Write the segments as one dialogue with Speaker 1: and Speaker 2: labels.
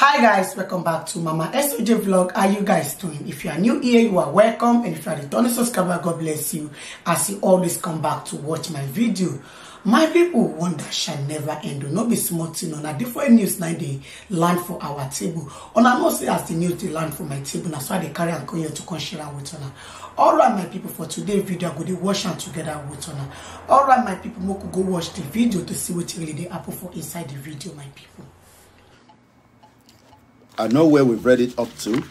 Speaker 1: hi guys welcome back to mama soj vlog how you guys doing if you are new here you are welcome and if you are returning subscriber god bless you as you always come back to watch my video my people wonder shall never end no be small thing on a different news Now they land for our table una know say as the news they land for my table That's why they carry and come here to come share with una all right my people for today's video go dey wash and together with una all right my people make go watch the video to see what really they happen for inside the video my people. I know where we've read it up to.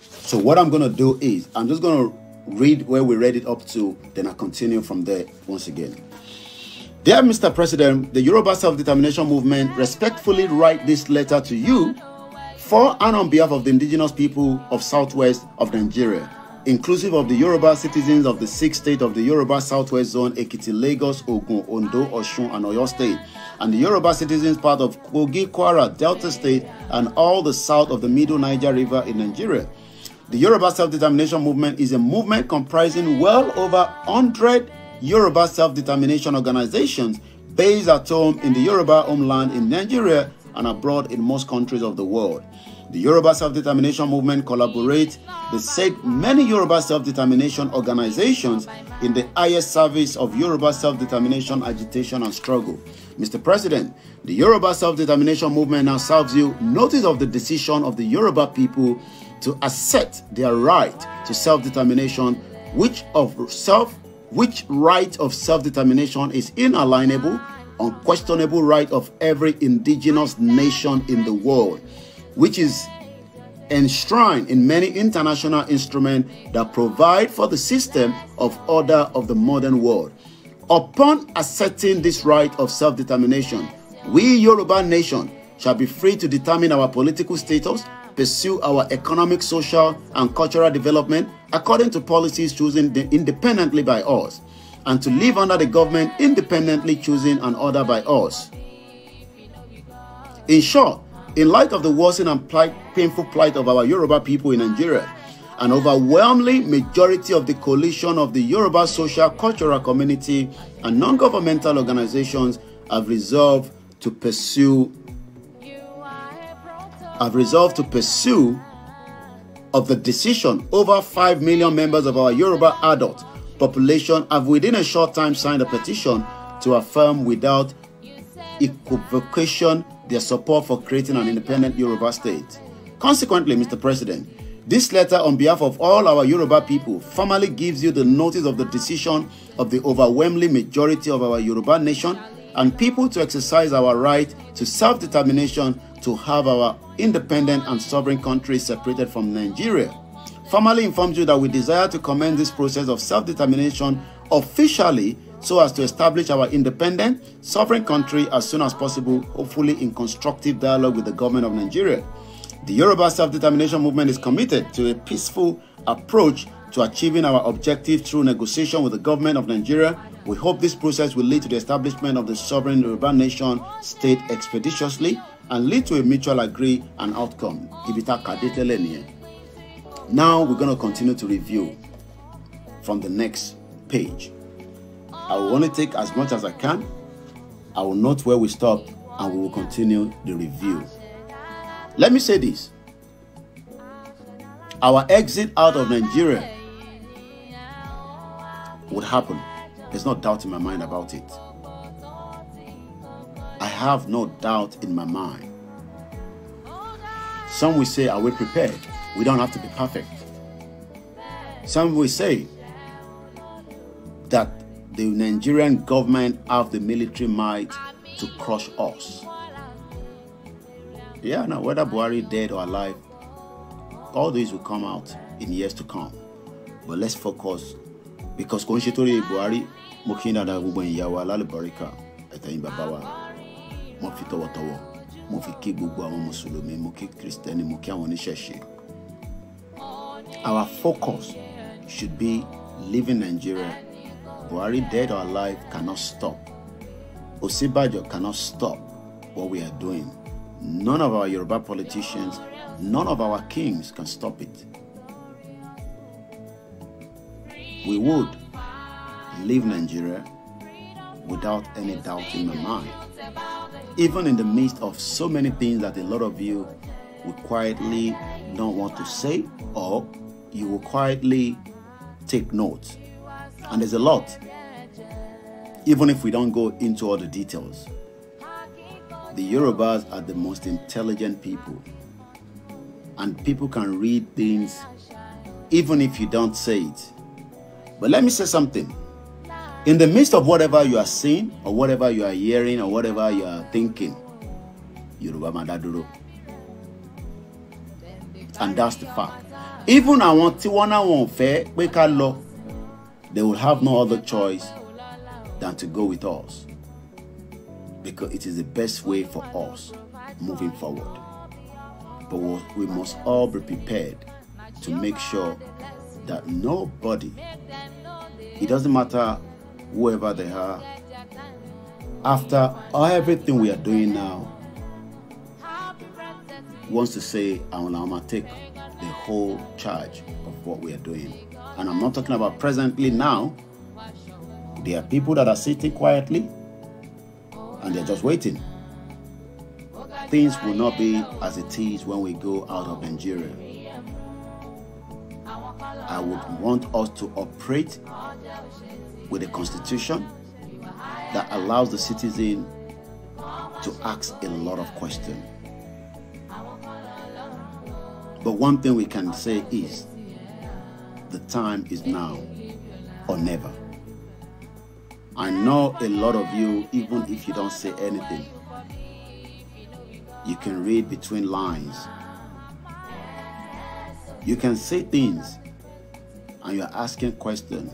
Speaker 1: So what I'm going to do is I'm just going to read where we read it up to, then I continue from there once again. Dear Mr. President, the Yoruba Self-Determination Movement respectfully write this letter to you for and on behalf of the indigenous people of southwest of Nigeria, inclusive of the Yoruba citizens of the six states of the Yoruba Southwest Zone, Ekiti, Lagos, Ogun, Ondo, Osun, and Oyo State, and the Yoruba citizens part of Kogi, Kwara, Delta State, and all the south of the Middle Niger River in Nigeria. The Yoruba Self-Determination Movement is a movement comprising well over 100 Yoruba self-determination organizations based at home in the Yoruba homeland in Nigeria and abroad in most countries of the world. The Yoruba Self-Determination Movement collaborates They said many Yoruba self-determination organizations in the highest service of Yoruba self-determination agitation and struggle. Mr. President, the Yoruba Self-Determination Movement now serves you notice of the decision of the Yoruba people to assert their right to self-determination, which of self which right of self-determination is inalienable, unquestionable right of every indigenous nation in the world which is enshrined in many international instruments that provide for the system of order of the modern world. Upon asserting this right of self-determination, we Yoruba nation shall be free to determine our political status, pursue our economic, social, and cultural development according to policies chosen independently by us, and to live under the government independently chosen and ordered by us. In short, in light of the worsening and plight, painful plight of our Yoruba people in Nigeria, an overwhelming majority of the coalition of the Yoruba social, cultural community and non-governmental organizations have resolved to pursue have resolved to pursue of the decision over 5 million members of our Yoruba adult population have within a short time signed a petition to affirm without equivocation their support for creating an independent Yoruba state. Consequently, Mr. President, this letter on behalf of all our Yoruba people formally gives you the notice of the decision of the overwhelming majority of our Yoruba nation and people to exercise our right to self-determination to have our independent and sovereign country separated from Nigeria. Formally informs you that we desire to commence this process of self-determination officially so as to establish our independent, sovereign country as soon as possible, hopefully in constructive dialogue with the government of Nigeria. The Yoruba self-determination movement is committed to a peaceful approach to achieving our objective through negotiation with the government of Nigeria. We hope this process will lead to the establishment of the sovereign Yoruba nation state expeditiously and lead to a mutual agree and outcome. Now we're going to continue to review from the next page. I will only take as much as I can. I will note where we stop and we will continue the review. Let me say this our exit out of Nigeria would happen. There's no doubt in my mind about it. I have no doubt in my mind. Some will say, Are we prepared? We don't have to be perfect. Some will say that the Nigerian government have the military might to crush us. Yeah, now whether Buhari dead or alive, all these will come out in years to come. But let's focus because kò Buhari mo da ní yawa gbogbo ìyàwó alálùbáríkà ẹ̀tẹ̀yìn bàbá wa mo fi tọwọ́tọwọ́ mo Christiani, kí gbogbo Our focus should be leaving Nigeria Buhari, dead or alive, cannot stop. Osibajo cannot stop what we are doing. None of our Yoruba politicians, none of our kings can stop it. We would leave Nigeria without any doubt in my mind. Even in the midst of so many things that a lot of you will quietly don't want to say or you will quietly take note. And there's a lot, even if we don't go into all the details. The Yorubas are the most intelligent people, and people can read things even if you don't say it. But let me say something. In the midst of whatever you are seeing, or whatever you are hearing, or whatever you are thinking, Yoruba Madaduro. And that's the fact. Even àwọn tí wọ́n náà wọ́n fẹ́ pé ká lọ they will have no other choice than to go with us because it is the best way for us moving forward. But we must all be prepared to make sure that nobody, it doesn't matter whoever they are, after everything we are doing now, wants to say, I will now take the whole charge of what we are doing. And I'm not talking about presently now. There are people that are sitting quietly and they're just waiting. Things will not be as it is when we go out of Nigeria. I would want us to operate with a constitution that allows the citizen to ask a lot of questions. But one thing we can say is the time is now or never. I know a lot of you, even if you don't say anything, you can read between lines. You can say things and you're asking questions.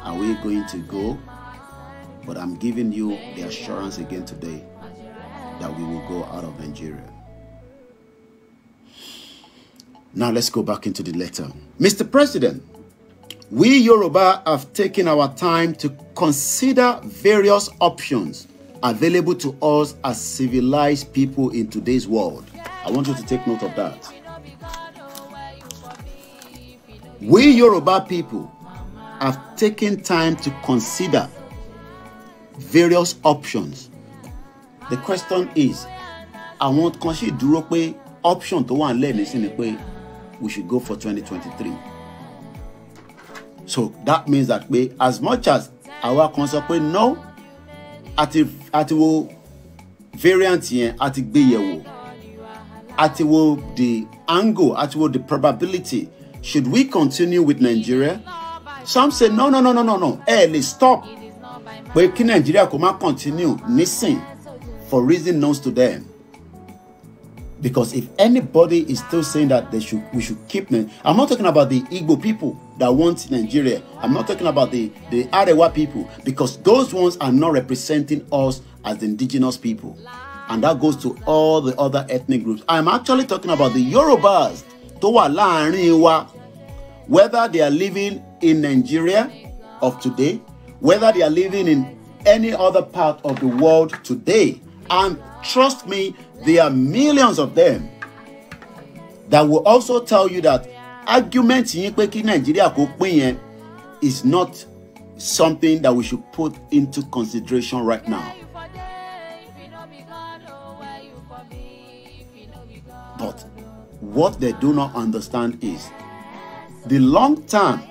Speaker 1: Are we going to go? But I'm giving you the assurance again today that we will go out of Nigeria. Now let's go back into the letter. Mr. President, we Yoruba have taken our time to consider various options available to us as civilized people in today's world. I want you to take note of that. We Yoruba people have taken time to consider various options. The question is, I want to consider option tó wà nílẹ̀ nísìnyí way. we should go for 2023 so that means that we, as much as our kan sọ pé no àti àti variant here, at the yẹ̀wò àti wo the angle at wo the probability should we continue with Nigeria some say no no no no no no ẹ lè stop But kí Nigeria kò má continue missing for reason known to them. Because if anybody is still saying that they should, we should keep them. I'm not talking about the Igbo people that want Nigeria. I'm not talking about the the Arewa people because those ones are not representing us as the indigenous people, and that goes to all the other ethnic groups. I'm actually talking about the Yorubas tó whether they are living in Nigeria of today, whether they are living in any other part of the world today, and trust me there are millions of them that will also tell you that argument in pé is not something that we should put into consideration right now. But what they do not understand is the long term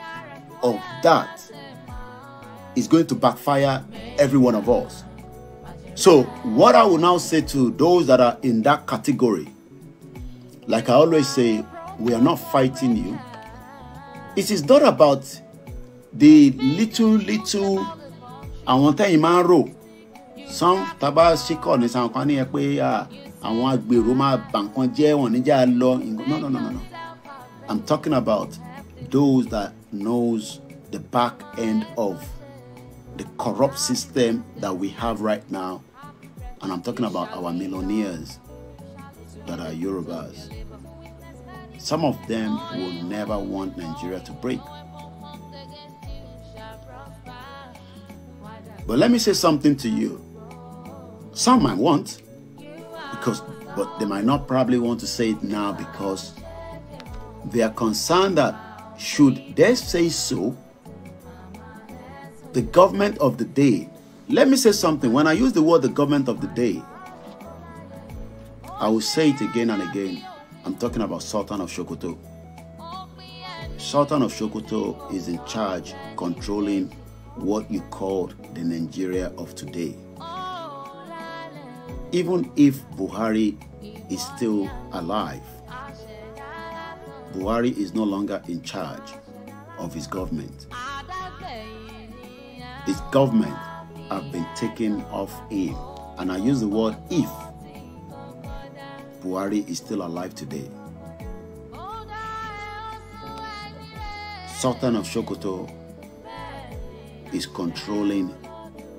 Speaker 1: of that is going to backfire every one of us. So, what I will now say to those that are in that category, like I always say, we are not fighting you. It is not about the little, little I want to ń rò some tábà ṣíkọ̀ ní sàn kan ní ẹ pé àwọn agbèrò máa bà jẹ́ wọn lọ no no no no no I'm talking about those that knows the back end of the corrupt system that we have right now and I'm talking about our millionaires that are Yorubas. Some of them will never want Nigeria to break. But let me say something to you. Some might want, because but they might not probably want to say it now because they are concerned that should they say so, the government of the day let me say something. When I use the word the government of the day, I will say it again and again. I'm talking about Sultan of Shokoto. Sultan of Shokoto is in charge controlling what you called the Nigeria of today. Even if Buhari is still alive, Buhari is no longer in charge of his government. His government have been taken off him. And I use the word if Buhari is still alive today. Sultan of Sokoto is controlling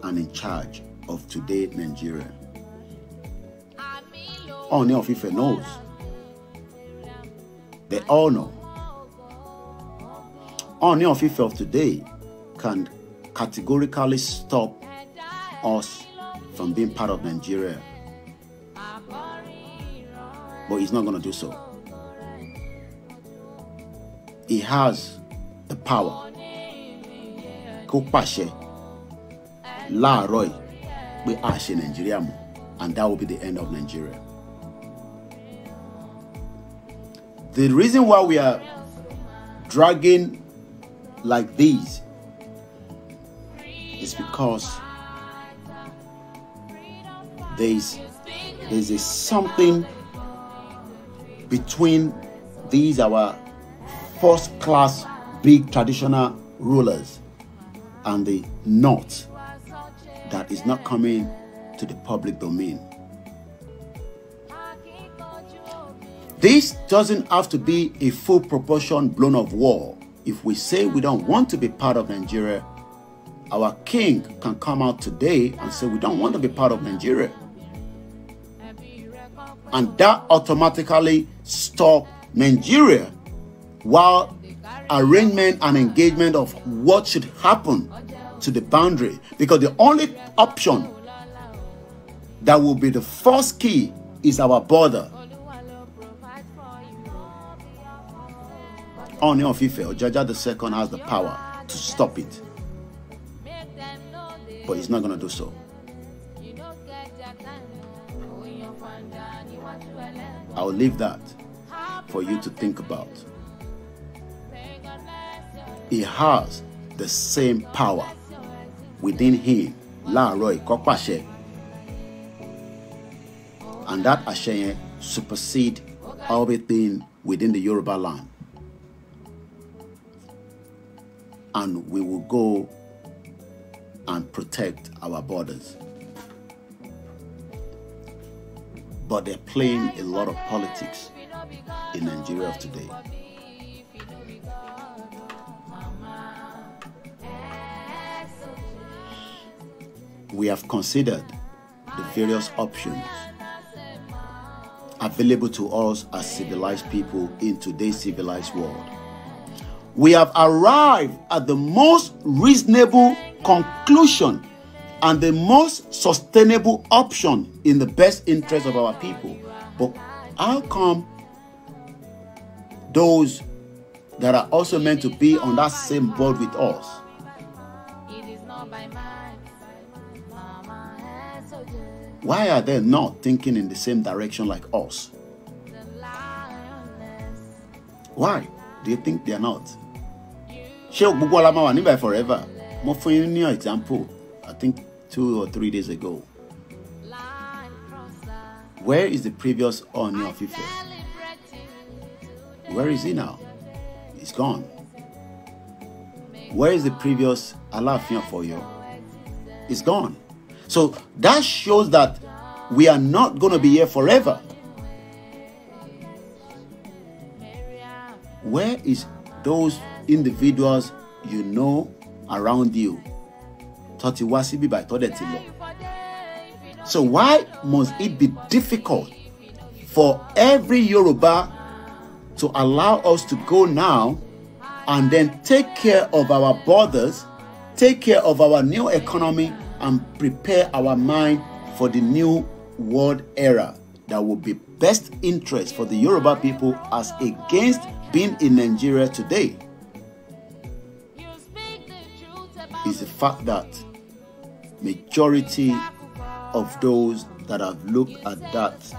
Speaker 1: and in charge of today Nigeria. Only of Ife knows. They all know. Only of Ife of today can categorically stop us from being part of Nigeria. But he's not going to do so. He has the power. Kupashe, la roy, we pé in Nigeria, and that will be the end of Nigeria. The reason why we are dragging like these is because there's there's a something between these our first class big traditional rulers and the not that is not coming to the public domain. This doesn't have to be a full proportion blown of war. If we say we don't want to be part of Nigeria, our king can come out today and say we don't want to be part of Nigeria and that automatically stop Nigeria while arrangement and engagement of what should happen to the boundary because the only option that will be the first key is our border. Oni of Ife Ojaja the second has the power to stop it. But he's not going to do so. I'll leave that for you to think about. He has the same power within him. Roy ìkọ́pàṣẹ. And that àṣẹ supersede everything within the Yoruba land. And we will go and protect our borders. but they're playing a lot of politics in Nigeria of today. We have considered the various options available to us as civilized people in today's civilized world. We have arrived at the most reasonable conclusion and the most sustainable option in the best interest of our people. But how come those that are also meant to be on that same board with us? Why are they not thinking in the same direction like us? Why do you think they are not? ṣé gbogbo ọlámọ forever mo fún example I think two or three days ago. Where is the previous Oni of Ife? Where is he now? He's gone. Where is the previous Alafian for you? It's gone. So that shows that we are not going to be here forever. Where is those individuals you know around you tó ti wá sí bíbá So why must it be difficult for every Yoruba to allow us to go now and then take care of our borders, take care of our new economy, and prepare our mind for the new world era that will be best interest for the Yoruba people as against being in Nigeria today is the fact that majority of those that have looked at that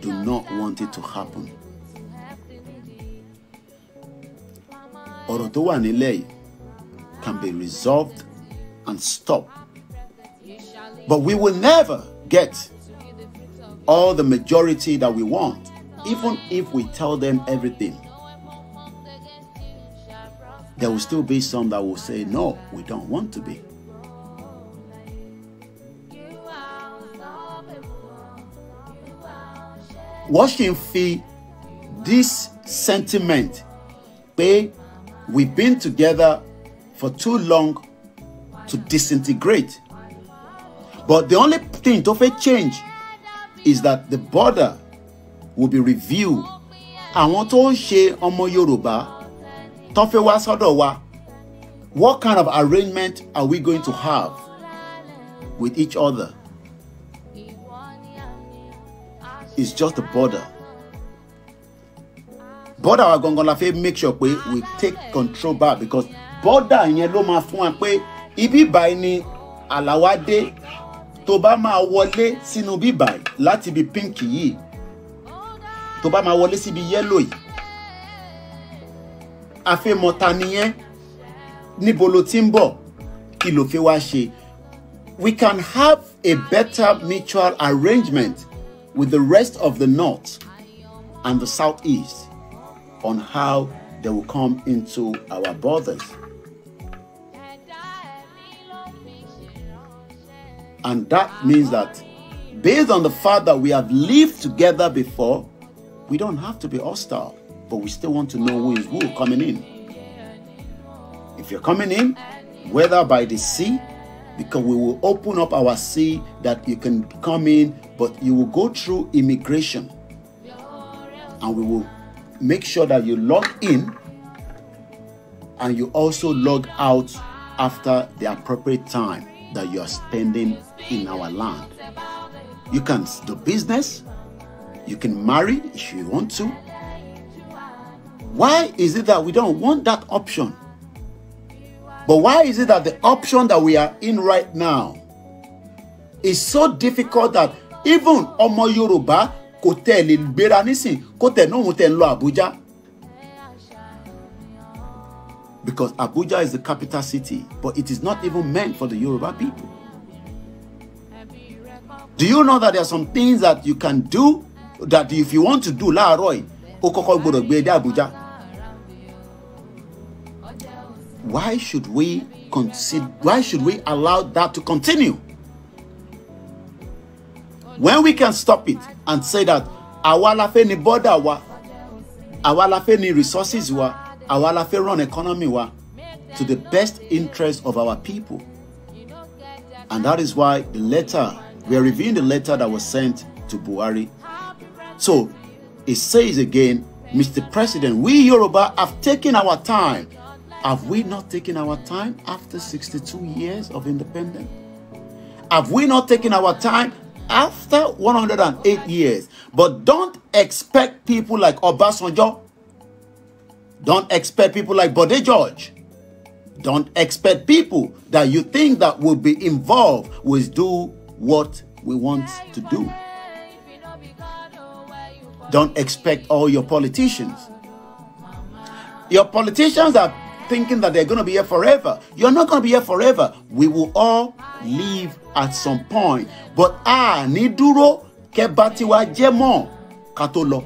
Speaker 1: do not want it to happen. ọ̀rọ̀ can be resolved and stopped. But we will never get all the majority that we want, even if we tell them everything there will still be some that will say, No, we don't want to be. Washing feet, this sentiment pé we've been together for too long to disintegrate. But the only thing tó a change is that the border will be reviewed. want tó share on my Yorùbá tán fẹ́ wá sọ́dọ̀ wa what kind of arrangement are we going to have with each other? It's just a border. Border wa gangan la fẹ́ make sure pé we take control back because border yẹn ló máa fún wa pé ibi báyìí ni àlàwádé tó bá máa wọlé sínú bíbáyìí láti ibi pink yìí tó bá máa wọlé síbi yẹ́lò yìí afẹ́mọta nìyẹn níbo ló ti bọ̀ kí ló fẹ́ wá ṣe we can have a better mutual arrangement with the rest of the north and the southeast on how they will come into our borders. And that means that based on the fact that we have lived together before, we don't have to be hostile but we still want to know who is who coming in. If you're coming in, whether by the sea, because we will open up our sea that you can come in, but you will go through immigration. And we will make sure that you log in and you also log out after the appropriate time that you are spending in our land. You can do business, you can marry if you want to, Why is it that we don't want that option? But why is it that the option that we are in right now is so difficult that even Omo Yoruba kò tẹ̀ lè gbéra nísìn kò tẹ̀ náà òun tẹ̀ ń Abuja? Because Abuja is the capital city, but it is not even meant for the Yoruba people. Do you know that there are some things that you can do that if you want to do láàárọ̀ yìí ó kọ́kọ́ gbọ́dọ̀ Abuja? why should we consider why should we allow that to continue when we can stop it and say that our la ni border wa àwa ni resources wa our la run economy wa to the best interest of our people and that is why the letter we are reviewing the letter that was sent to Buhari so it says again Mr. President we Yoruba have taken our time have we not taken our time after 62 years of independence? Have we not taken our time after 108 years? But don't expect people like Obasanjo. Don't expect people like Bode George. Don't expect people that you think that will be involved with do what we want to do. Don't expect all your politicians. Your politicians are thinking that they're going to be here forever. You're not going to be here forever. We will all leave at some point. But ah, ní dúró kẹ́ bá tiwa katolo.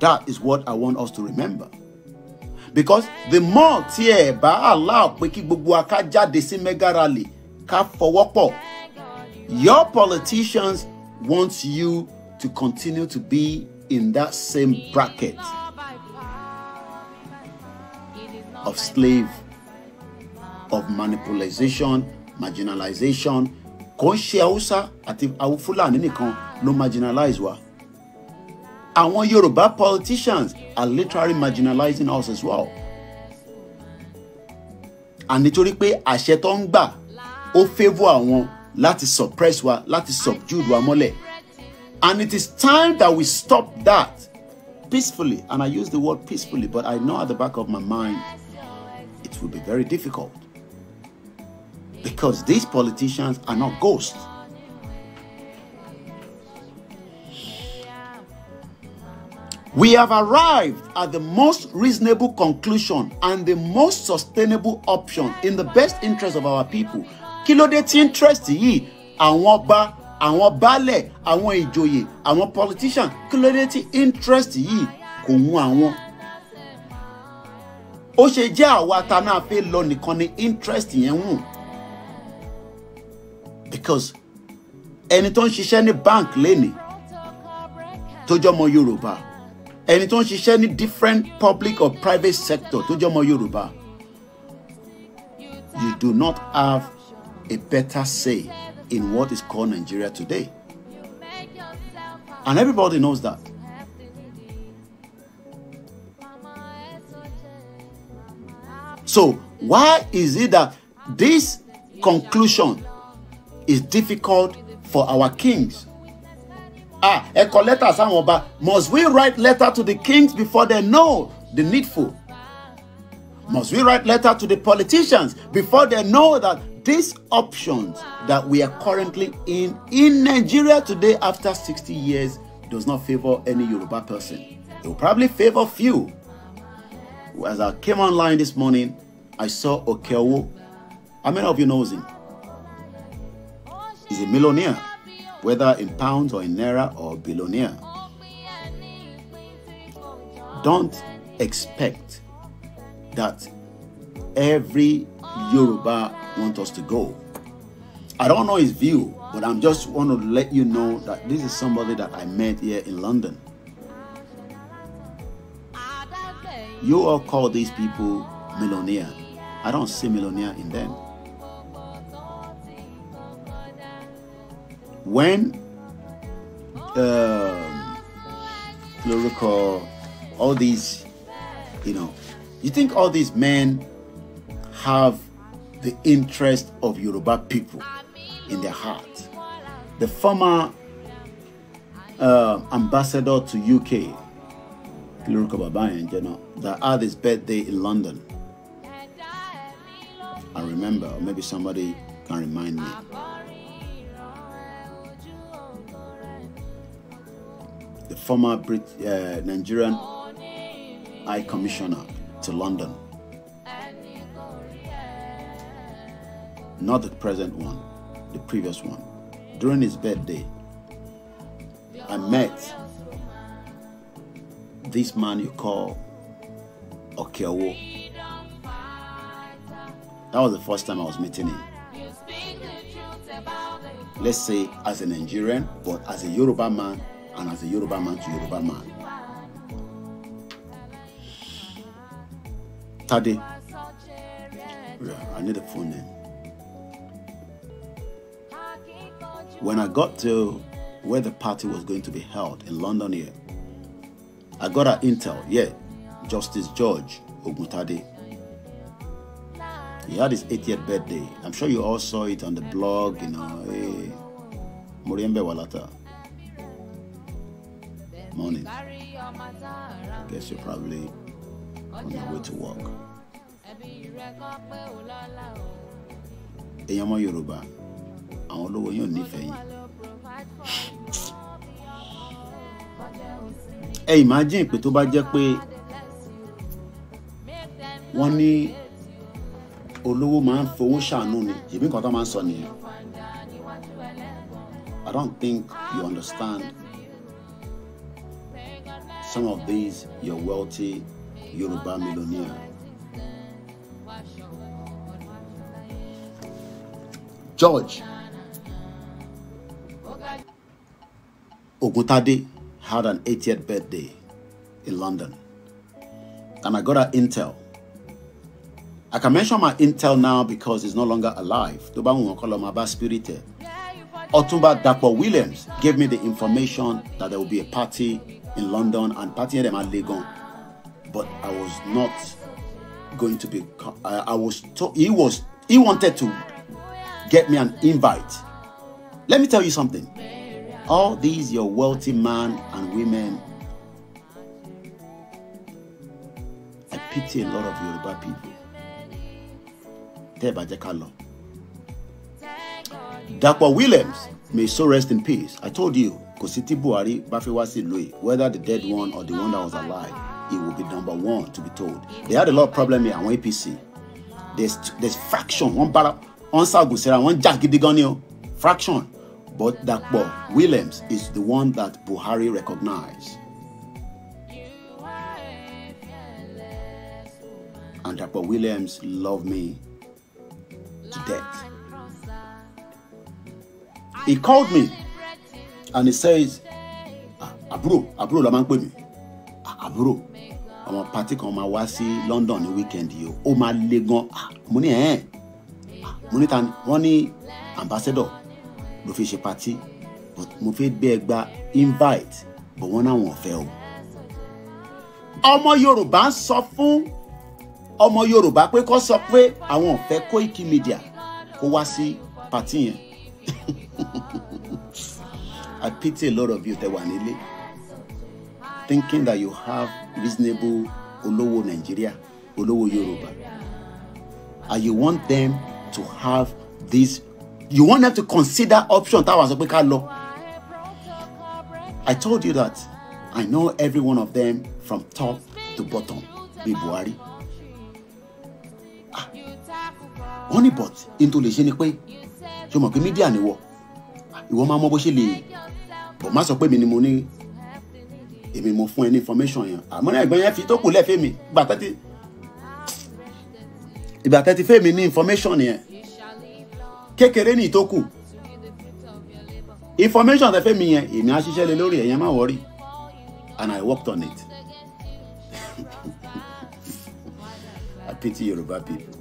Speaker 1: That is what I want us to remember. Because the more tí bá Allah pé kí gbogbo wa ká mega rally ká fọwọ́pọ̀, your politicians want you to continue to be in that same bracket. of slave of manipulation marginalization kò ń ṣe haúsá àti fúlàní nìkan ló marginalize wa àwọn yorùbá politicians are literally marginalizing us as well and nítorí pé àṣẹ tó ń gbà ó favour àwọn láti suppress wa láti subdued wa mọ́lẹ̀ and it is time that we stop that peacefully and I use the word peacefully but I know at the back of my mind it will be very difficult. Because these politicians are not ghosts. We have arrived at the most reasonable conclusion and the most sustainable option in the best interest of our people. Kí ló dé tí interest yìí àwọn ọba àwọn baálẹ̀ àwọn ìjòyè àwọn politician kí ló dé interest yìí kò mú àwọn ó ṣe jẹ́ àwa ta náà fẹ́ lọ nìkan ni interest yẹn wù because ẹni tó ń ṣiṣẹ́ ní bank lẹ́nìí tó jọmọ Yorùbá ẹni tó ń ṣiṣẹ́ ní different public or private sector tó jọmọ Yorùbá you do not have a better say in what is called Nigeria today and everybody knows that. So, why is it that this conclusion is difficult for our kings? Ah, ẹ̀kọ́ lẹ́tà sáwọn must we write letter to the kings before they know the needful? Must we write letter to the politicians before they know that these options that we are currently in in Nigeria today after 60 years does not favor any Yoruba person? It will probably favor few as I came online this morning, I saw Okewo. How many of you knows him? He's a millionaire, whether in pounds or in naira or billionaire. Don't expect that every Yoruba want us to go. I don't know his view, but I'm just want to let you know that this is somebody that I met here in London. You all call these people millionaire. I don't see millionaire in them. When you um, recall all these, you know, you think all these men have the interest of Yoruba people in their heart. The former uh, ambassador to UK, Lorúkọ bàbá you know, náà that had his birthday in London. I remember, or maybe somebody can remind me. The former Brit uh, Nigerian High Commissioner to London. Not the present one, the previous one. During his birthday, I met this man you call Okewo. That was the first time I was meeting him. Let's say as a Nigerian, but as a Yoruba man and as a Yoruba man to Yoruba man. Tade. Yeah, I need a full name. When I got to where the party was going to be held in London here, I got her intel, yeah. Justice George Oguntade. He had his 80th birthday. I'm sure you all saw it on the blog, you know. Hey, eh. Muriembe Walata. Morning. Guess you're probably on your way to work. èèyàn Yoruba, Yorùbá àwọn olówó yóò nífẹ̀ẹ́ yín ẹ imagine pé tó bá jẹ́ pé wọ́n ní olówó máa ń fowó ṣàánú ni ìbí nǹkan tó máa ń sọ nìyẹn I don't think you understand some of these your wealthy Yoruba millionaire. George Oguntade. had an 80th birthday in London. And I got an intel. I can mention my intel now because he's no longer alive. Otumba Dapo Williams gave me the information that there will be a party in London and partying them at Legon. But I was not going to be. I, I was. To, he was. He wanted to get me an invite. Let me tell you something all these your wealthy man and women. I pity a lot of Yoruba people. Teba Jekalo. Dapper Williams may so rest in peace. I told you, Kositi Buhari, Bafiwasi Lui, whether the dead one or the one that was alive, it will be number one to be told. They had a lot of problem here on APC. There's there's fraction, one para one ṣàgùn one wọ́n jà gidi gan ni fraction. But Dapo Williams is the one that Buhari recognized. And Dapo Williams loved me to death. He called me and he says, "Abro, ah, Abro, la máa ń pè mí. Ah, àbúrò, on pàtí kan máa wá sí London the weekend You, ó máa le Money eh? Money ẹ̀ ẹ́, ambassador ló fi ṣe patí but mo fi bẹ́ẹ̀ gba invite but wọ́n náà wọ́n fẹ́ o. ọmọ yorùbá ń sọ fún ọmọ yorùbá pé kó sọ pé àwọn ò fẹ́ Koiki Media kó wá sí patí yẹn. I pity a lot of you tẹ́ wà nílé thinking that you have reasonable olówó Nigeria olówó Yorùbá and you want them to have this you want them to consider option That was a ká lọ. I told you that I know every one of them from top to bottom bíi Ah, only but into the lè ṣe ni pé ṣe mọ̀ pé mídíà ni wọ ah, ìwọ máa mọ bó ṣe lè bọ̀ má sọ pé mi mo ní èmi mo fún ẹ ní information yẹn àmọ́ ní ẹ̀gbọ́n yẹn fi tó kù lẹ́ẹ̀fẹ́ mi ìgbà tẹ́tí ìgbà tẹ́tí fẹ́ mi information here kékeré ní ìtókù information tẹ fẹ́ mi yẹn èmi á ṣiṣẹ́ lé lórí ẹ̀yẹn má wọ́rí and I worked on it I pity Yoruba people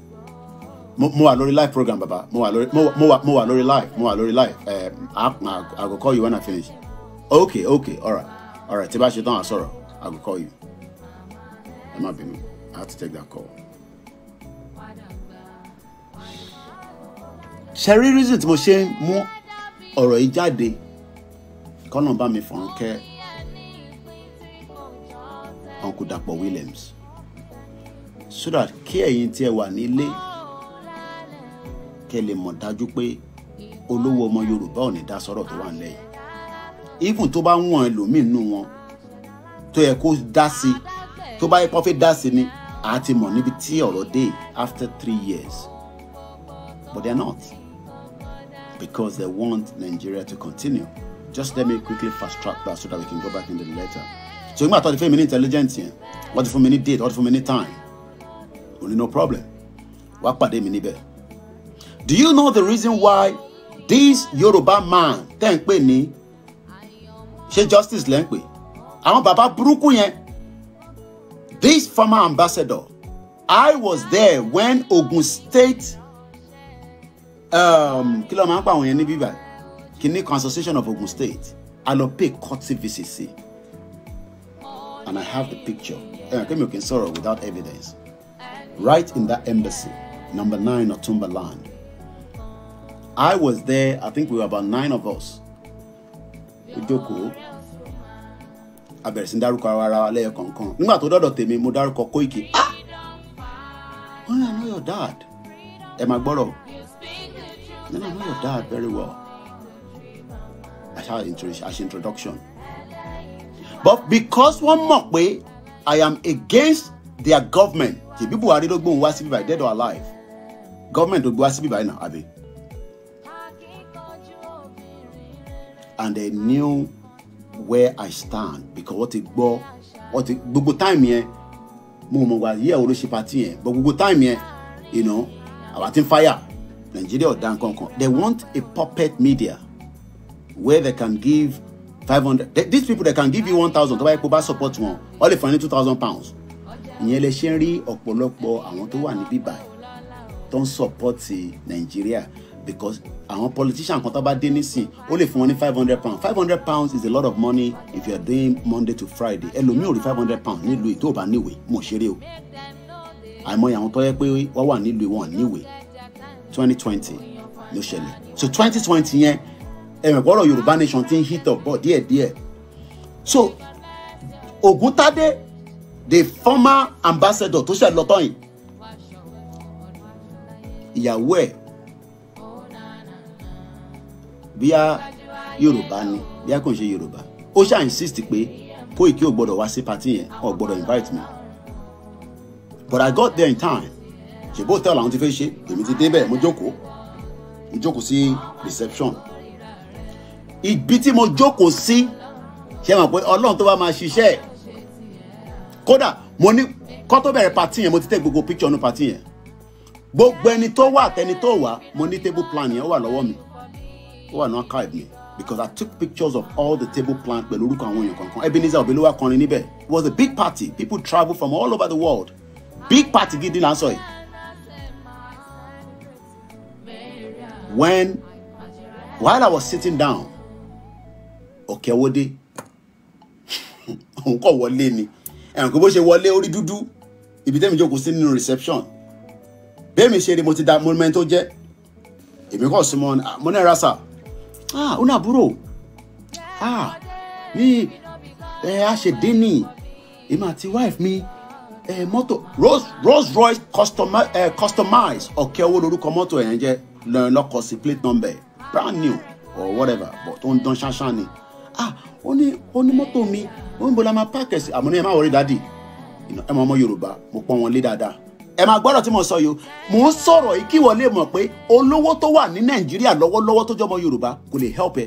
Speaker 1: mo wà lórí live program baba mo wà lórí mo wà lórí live mo wà lórí live ẹ I go call you when I finish okay okay alright alright tí bá ṣe tán à sọ̀rọ̀ I go call you ẹ má bínú I have to take that call. ṣe rí reason tí mo ṣe ń mú ọ̀rọ̀ yìí jáde kọ́nà bá mi fọ̀rọ̀ kẹ́ uncle Williams so that kí ẹ̀yin tí ẹ wà nílé kẹ́ lè mọ̀ dájú pé olówó ọmọ Yorùbá ò ní dá sọ́rọ̀ tó wà nílẹ̀ yìí even tó bá ń wọ̀n ẹlòmíì nù wọn tó yẹ kó dá sí tó bá yẹ kó fẹ́ dá sí ni àá ti mọ̀ níbi tí ọ̀rọ̀ dé after three years but they are not because they want Nigeria to continue. Just let me quickly fast track that so that we can go back into the letter. So you might thought if intelligence here, wọ́n ti many mi ní date, wọ́n ti fún time. Only no problem. Wá pàdé mi níbẹ̀. Do you know the reason why this Yoruba man tẹ́ ń pè justice lẹ́ ń Baba Àwọn bàbá This former ambassador, I was there when Ogun State Um, kí ló máa ń pa àwọn yẹn níbí báyìí kìíní consultation of Ogun State a lọ pay court visit sí and I have the picture kémi ò kí n sọ̀rọ̀ without evidence right in that embassy number nine Otumba Otumbaland I was there I think we were about nine of us ojoko a bẹ̀rẹ̀ sí ń dárúkọ ara wa lẹ́yọ kọ̀ọ̀kan nígbà tó dọ́dọ̀ tèmi mo dárúkọ Koiki ah wọ́n yà ní your dad ẹ máa gbọ́rọ̀ Then I know your dad very well. That's how I introduce, as introduction. But because one mọ̀ pé I am against their government, The ṣèbí Buhari ló gbóhùn wá síbí by dead or alive. Government ló gbóhùn wá síbí báyìí náà àbí. And they knew where I stand because wọ́n ti gbọ́ wọ́n ti gbogbo time here, mo mọ̀ wá yíyàwó ló ṣe pati but gbogbo time yẹn you know about in fire. Nigeria ọ̀dà nkankan they want a puppet media where they can give five hundred these people they can give you one thousand tó bá yẹ kó bá support wọn all the fine two thousand pounds ìyẹn lè ṣe ń rí ọ̀pọ̀lọpọ̀ àwọn tó wà níbí báyìí tó ń support Nigeria because àwọn politician kan tó bá dé nísìn ó lè fún wọn ní five hundred pounds five hundred pounds is a lot of money if you are doing Monday to Friday ẹlòmíì ò rí five hundred pounds nílùú ètò ò bá níwèé mò ń ṣeré o àìmọye àwọn tó yẹ pé wọ́n wà nílùú wọn níwèé 2020, twenty ló ṣẹlẹ̀ so twenty twenty yẹn ẹ̀rìn pọ̀rọ̀ yorùbá nation ti ń hit up bọ̀ díẹ̀díẹ̀ so Ògúntádé the former ambassador tó ṣẹ̀ lọ́tọ̀ yìí ìyàwó ẹ̀ bíyà yorùbá ni bíyà kò ń ṣe yorùbá ó ṣáà insist pé Koiki ò gbọ́dọ̀ wá sí party yẹn ò gbọ́dọ̀ invite me but I got there in time ṣèbó hòtẹ́ẹ̀lì àwọn ti fẹ́ ṣe èmi ti débẹ̀ mo jókòó mo jókòó sí reception ibi tí mo jókòó sí ṣe mọ̀ pé ọlọ́run tó bá máa ṣiṣẹ́ kódà mo ní kó tó bẹ̀rẹ̀ pàtí yẹn mo ti tẹ́ gbogbo picture nu pàtí yẹn gbogbo ẹni tó wà àtẹni tó wà mo ní table plan yẹn ó wà lọ́wọ́ mi ó wà ní archive mi because I took pictures of all the table plan pẹ̀lú orúkọ àwọn èèyàn kankan Ebenezer Obeluwa kọrin níbẹ̀ it was a big party people travel from all over the world big party gidi là ń sọ yìí when while I was sitting down Ọ̀kẹ́wọ́dé òun kọ̀ wọlé ni ẹ̀ràn kò bó ṣe wọlé orí dúdú ibi tẹ́mi jókòó sí nínú reception bẹ́ẹ̀mi ṣe ni mo ti da monument tó jẹ́ èmi kọ̀ sí mọ́ ah, mo ah ó náà búrò ah mi ẹ a ṣe dín ní èmi àti wife mi ẹ mọ́tò Rose Royce customer, eh, customized Ọ̀kẹ́wọ́ lórúkọ mọ́tò ẹ̀yẹn jẹ́ lọ́kọ̀ sí plate number brand new or whatever but ó ń dán ṣáṣá ni ah ó ní ó ní mọ́tò mi ó ń bọ́lá máa páàkì sí àmọ́ ní ẹ má wọrí dádì ẹ mọ ọmọ Yorùbá mo pọ́n wọn lé dáadáa ẹ máa gbọ́dọ̀ tí mo sọ yìí mò ń sọ̀rọ̀ yìí kí wọ́n lè mọ̀ pé olówó tó wà ní Nàìjíríà lọ́wọ́lọ́wọ́ tó jọmọ Yorùbá kò lè help ẹ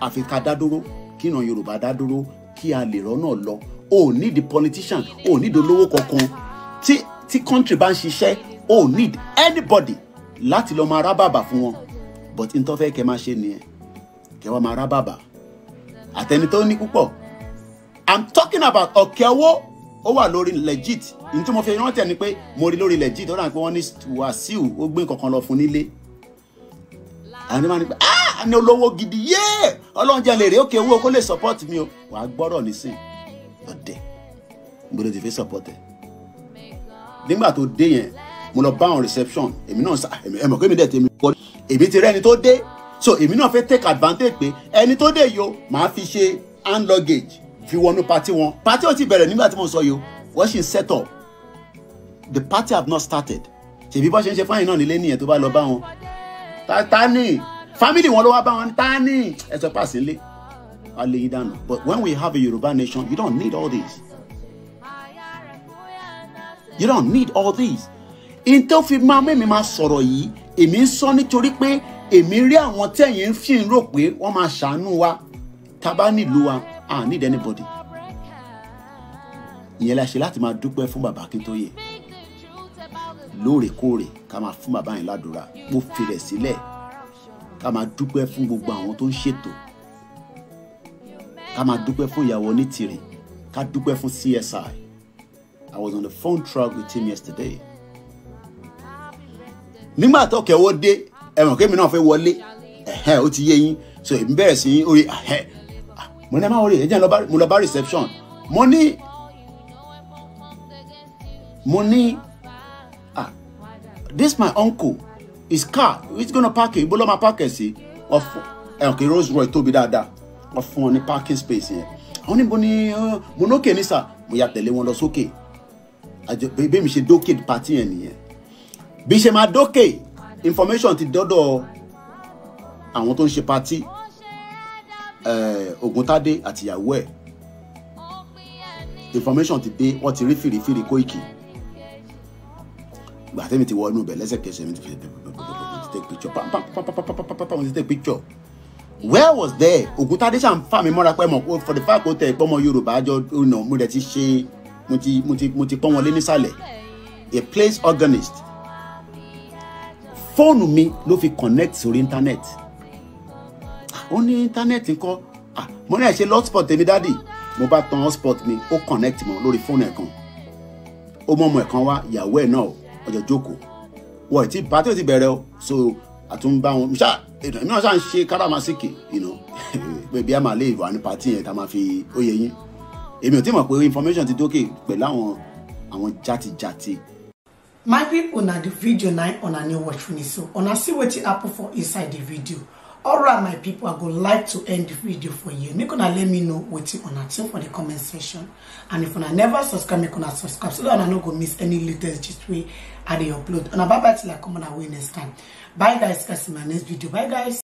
Speaker 1: àfi ká dá dúró kí ìran Yorùbá dá dúró kí a lè rọ́nà lọ o need politician o need olówó kankan ti ti country bá ń ṣiṣẹ́ o need anybody láti lọ máa rá bàbà fún wọn but n tó fẹ́ kẹ́ máa ṣe nìyẹn kẹ́ wá máa rá bàbà àtẹni tó ní púpọ̀ i'm talking about ọ̀kẹ́ owó ó wà lórí legit n tí mo fi rántí ẹ ni pé mo rí lórí legit ó dà pé wọ́n ní Wàsíù ó gbé kankan lọ fún nílé àwọn ẹni ní pé ah ni olówó gidi yéé ọlọ́run jẹ́ lè rí òkè owó kó lè support mi o wàá gbọ́rọ̀ nísìn ọ̀dẹ̀ gbọ́dọ̀ ti fi support ẹ̀ nígbà tó dé yẹn mo lọ bá àwọn reception èmi náà sá ẹ mọ̀ pé mi dẹ̀ tèmi kọ́ èmi ti rẹ́ni tó dé so èmi náà fẹ́ take advantage pé ẹni tó dé yo màá fi ṣe hand luggage fi wọnú party wọn party ó ti bẹ̀rẹ̀ nígbà tí mo sọ yo wọ́n ṣì ń set up the party have not started ṣèbí bọ́ ṣe ń ṣe fáyìn náà nílé nìyẹn tó bá lọ bá wọn tani family wọn ló wá bá wọn tani ẹ sọ pàṣẹ nílé a lè yí dànù but when we have a Yoruba nation you don't need all this you don't need all this in tó fi máa mẹ́mi máa sọ̀rọ̀ yìí èmi ń sọ nítorí pé èmi rí àwọn tẹ̀yìn ń fi ń rò pé wọ́n máa ṣàánú wa tá a bá nílùú wa à ní ìdẹ́ni bọ̀dì ìyẹn la ṣe láti máa dúpẹ́ fún bàbá Akíntóyè lóòrèkóòrè ká máa fún bàbá yẹn ládùúrà mo fi rẹ̀ sílẹ̀ ká máa dúpẹ́ fún gbogbo àwọn tó ń ṣètò ká máa dúpẹ́ fún ìyàwó onítìrì ká dúpẹ́ fún CSI I was on the phone truck with him yesterday nígbà tó kẹwọ́ dé ẹ̀wọ̀n kémi náà fẹ́ wọlé ẹ̀hẹ́ ó ti yé yín so èmi bẹ̀rẹ̀ sí í orí ẹ̀hẹ́ ah, mo ní ẹ má wọlé ẹ̀jẹ̀ mo lọ bá reception mo ní mo ní ah this my uncle his car he's gonna park it ibo ló ma park ẹ̀ sí ọ̀fọ̀ ẹ̀wọ̀n kí Rolls Royce tóbi dáadáa wọ́n ní parking space yẹn àwọn níbo ni mo lókè ní sà mo yà tẹ̀lé wọn lọ sókè bẹ́ẹ̀ mi ṣe dókè pàtí yẹn nìyẹn bí ṣe máa dókè information ti dọ́dọ̀ àwọn tó ń ṣe patí Ògúntádé eh, àtìyàwó ẹ̀ information ti dé wọ́n ti rí fìrífìrí Kóìkì gbà tẹ́mi ti wọ inú ibẹ̀ lẹ́sẹ̀kẹsẹ̀ mi ti fi take picture take picture where was there Ògúntádé ṣàn fà mí mọ́ra pẹ́ mọ̀ for the fact ó tẹ̀ pọ́ ọmọ Yorùbá àjọ ọ̀nà mo rẹ̀ ti ṣe mo ti mo pọ́n wọn nísàlẹ̀ a place organist fóònù mi ló fi connect sórí internet ó ní internet ńkọ́ mo ní ẹ̀ ṣe hotspot tèmi dádì mo bá tan hotspot mi ó connect mọ́ lórí fóònù ẹ̀ kan ó mọ ọmọ ẹ̀ kan wá ìyàwó ẹ̀ náà ọjọ́ jókòó wọ́n ẹ̀ tí pàtó ti bẹ̀rẹ̀ o so àtúnbá wọn ṣáà èdè náà ṣáà ń ṣe káràmásìkì pé bí a máa lè wà ní pàtí yẹn tá a máa fi ó yẹ yín èmi ò tí mọ̀ pé information ti dókè pẹ̀lú àwọn àwọn játijàti my people, na the video na una new watch for me, so una see wetin happen for inside the video alright my people, i go like to end the video for you make una let me know what wetin una think for the comment section and if una never subscribe make una subscribe so that una no go miss any latest gist way i dey upload una bye bye till i come on away next time bye guys guys in my next video bye guys